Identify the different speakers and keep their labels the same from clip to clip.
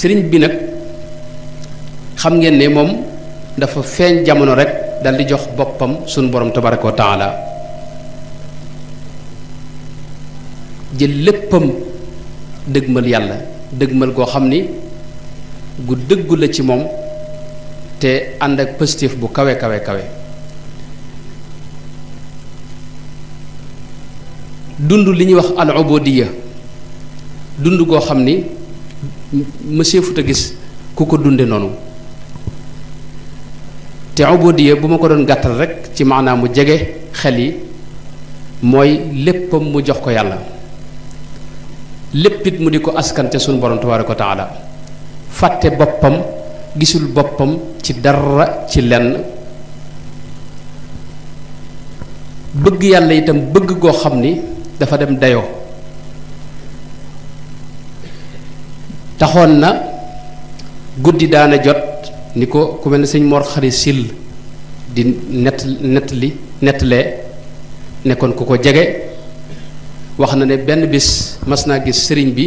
Speaker 1: sëriñ bi nag xam ngeen ne moom dafa feeñ jamono rek dal di jox boppam suñu borom tabaraka wa jël léppam dëgmal yàlla dëgmal goo xam ni gu dëggu ci moom te ànd ak positif bu kawe kawe kawe dund li ñuy wax al ubudiyya dund goo xam ni monsieur Fouta gis ku ko dunde noonu te ubudiya bu ma ko doon gàttal rek ci maanaam mu jege xel yi mooy léppam mu jox ko yàlla léppit mu di ko askante suñu borom tabaaraka ko taala fàtte boppam gisul boppam ci dara ci lenn bëgg yàlla itam bëgg goo xam ni dafa dem dayoo taxoon na guddi daana jot ni ko ku mel ne sëñ Mor Xari Sill di nett nett li nettalee nekkoon ku ko jege wax na ne benn bis mas naa gis sëriñ bi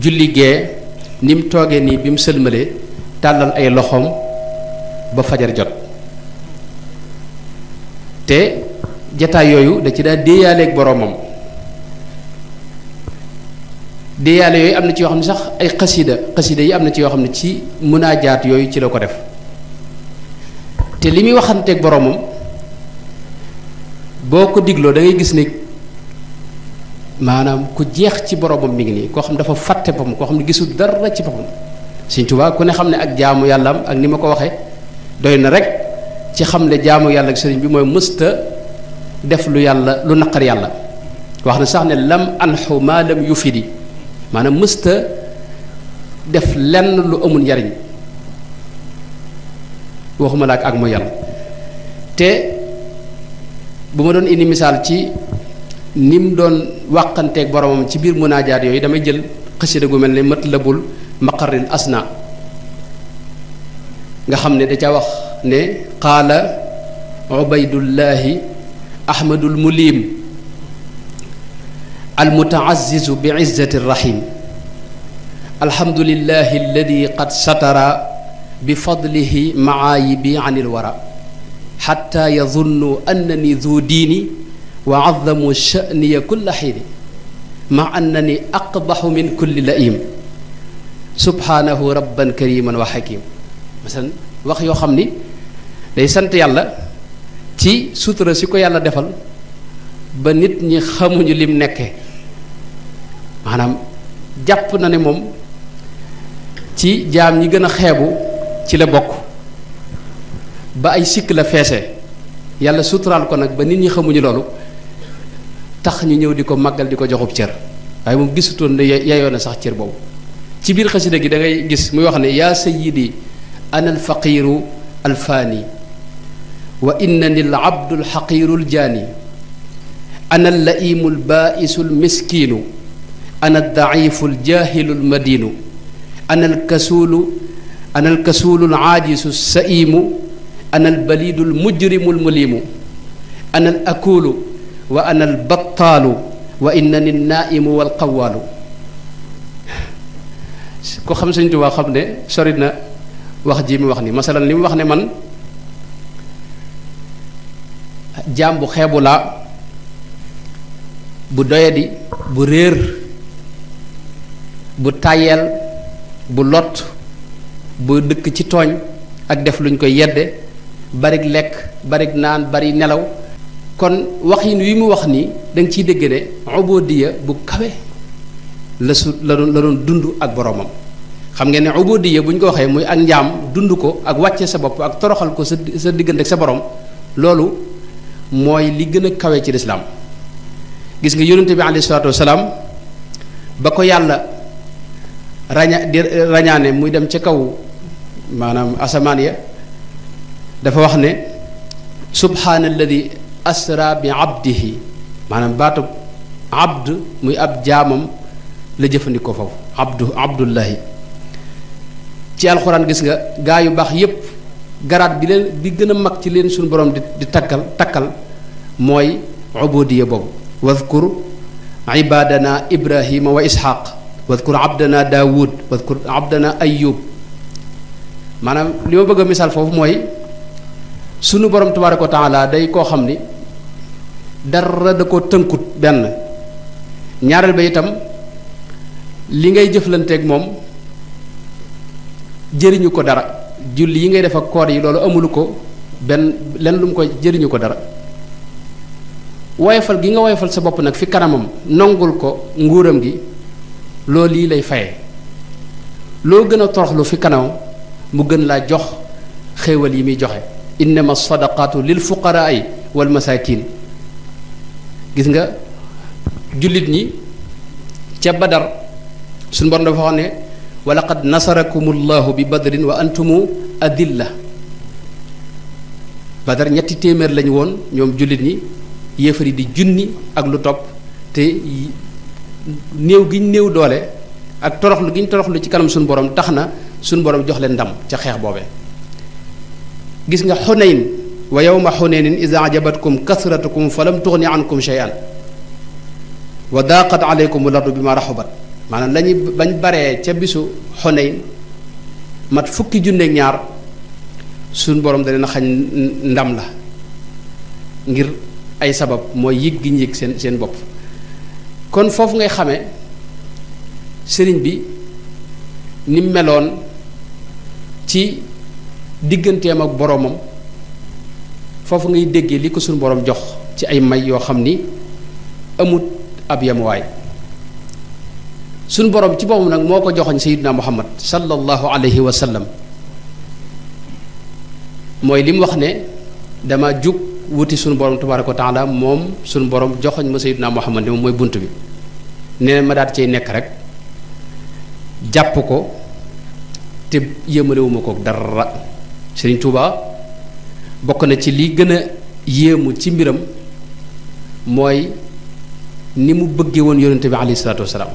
Speaker 1: julli gee ni toogee nii bi mu sëlmalee tàllal ay loxoom ba fajar jot te jataay yooyu da ci daa déeyaaleeg boroomam ديال يوي امنا تي وخامني اي قصيده قصيده يي امنا تي وخامني تي مناجات يوي تي لاكو ديف تي ليمي بوكو ديغلو داغي غيس ني مانام كو جيخ تي بروموم ميغ ني كو خام دا فا فاتي بوم كو خام غيسو دار تي جامو يالا اك نيما كو واخي دوينا ريك تي خام لي جامو يالا سيرن بي موي مستا ديف لو لم انحو ما لم يفدي maanaam mësta def lenn lu amul njariñ waxuma la ak mooy yàlla te bu ma doon indi misaal ci nim doon wàqanteeg boromam ci biir munaajaat yooyu damay jël xasida gu mel ne matlabul maqarril asna nga xam ne da ca wax ne qaala ubaydullahi ahmadul mulim المتعزز بعزة الرحيم الحمد لله الذي قد ستر بفضله معايبي عن الورى حتى يظن أنني ذو ديني وعظم شأني كل حين مع أنني أقبح من كل لئيم سبحانه ربا كريما وحكيم مثلا wax وخمني لي ni day تي yàlla ci sutura si ko yàlla defal manam jàpp na ne mom ci jaam ñi gëna xébu ci la bok ba ay sik la fessé yàlla sutural ko nak ba nit ñi xamuñu lolu tax ñu ñëw diko magal diko di ko joxub cër waaye moom gisutoon ne yeyoo na sax cër bobu ci bir xasida gi da ngay gis muy wax ne ya sayyidi ana al faqir al fani wa innani al abd al haqir al jani ana al al la'im ba'is al almiskiinu أنا الضعيف الجاهل المدين أنا الكسول أنا الكسول العاجز السئيم أنا البليد المجرم المليم أنا الأكول وأنا البطال وإنني النائم والقوال كو خم sëñ Tuubaa xam ne sori na wax ji mu wax ni masalan li mu wax ne bu tàyyeel bu lot bu dëkk ci tooñ ak def luñ koy yedde barik lekk barik naan bari nelaw kon wax waxin wi mu wax nii da ciy dégg ne ubodiya bu kawe la su la doon la doon dund ak boromam xam ngeen ne ubodiya bu ñu ko waxee muy ak njaam dund ko ak wàcce sa bopp ak toroxal ko sa sa diggante sa borom loolu mooy li gën a kawe ci lislaam gis nga yonente bi alayhi salaatu wasalaam ba ko yàlla raña di eh, rañaane muy dem ci kaw maanaam asamaan ya dafa wax ne subhana asra bi abdihi mana batu abd muy ab jaamam la abdu abdullahi ci alxuraan gis nga gaa yu baax yépp garaat bi leen bi gën a mag ci leen suñu borom di ibadana Ibrahim wa ishaq wadkur abdana daawud wadkur abdana ayub maanaam li ma bëgg a misaal foofu mooy sunu borom ko wa taala day koo xam ni dara da ko tënkut benn ñaareel ba itam li ngay jëflanteeg moom jëriñu ko dara julli yi ngay def ak koor yi loolu amulu ko benn lenn lu ko jëriñu ko dara woyofal gi nga woyofal sa bopp nag fi kanamam nongul ko nguuram gi loo lii lay fayee loo gën a toroxlu fi kanam mu gën laa jox xéewal yi muy joxe innama sadaqaatu lil fuqaraay wal masaakin gis nga jullit ñi ca badar suñ borom dafa wax ne wa laqad nasarakum allahu bi badrin wa antumu adilla badar ñetti téeméer lañ woon ñoom jullit ñi yéefar di junni ak lu topp te néew gi néew doole ak toroxlu gi ñu toroxlu ci kanam suñu borom tax na suñu boroom jox leen ndam ca xeex boobee gis nga xunayn wa yow ma yawma xunaynin ida ajabatkum kasratukum fa lam tuxni ankum shay'an wa daaqat aleykum lardu bi ma raxubat maanaam la ñu bañ baree ca bisu xunayn mat fukki junne ñaar suñu borom da leen xañ ndam la ngir ay sabab mooy yëg gi ñu yëg seen seen bopp kon foofu ngay xame sëriñ bi ni meloon ci digganteem ak boroomam foofu ngay déggee li ko suñu boroom jox ci ay may yoo xam ni amut ab yamuwaay suñu boroom ci boppam nag moo ko joxoñ sayyidina muhammad sallallahu alayhi wa sallam mooy li wax ne dama jub wuti sunu borom tabaaraka wa taala moom sunu borom joxoñ ma sayyidina Muhammad ne moom mooy bunt bi nee ma daat cay nekk rek jàpp ko te yéemalewuma kook dara Sëriñ Tuuba bokk na ci li gën a yéemu ci mbiram mooy ni mu bëggee woon yonente bi alayhi salaatu wasalaam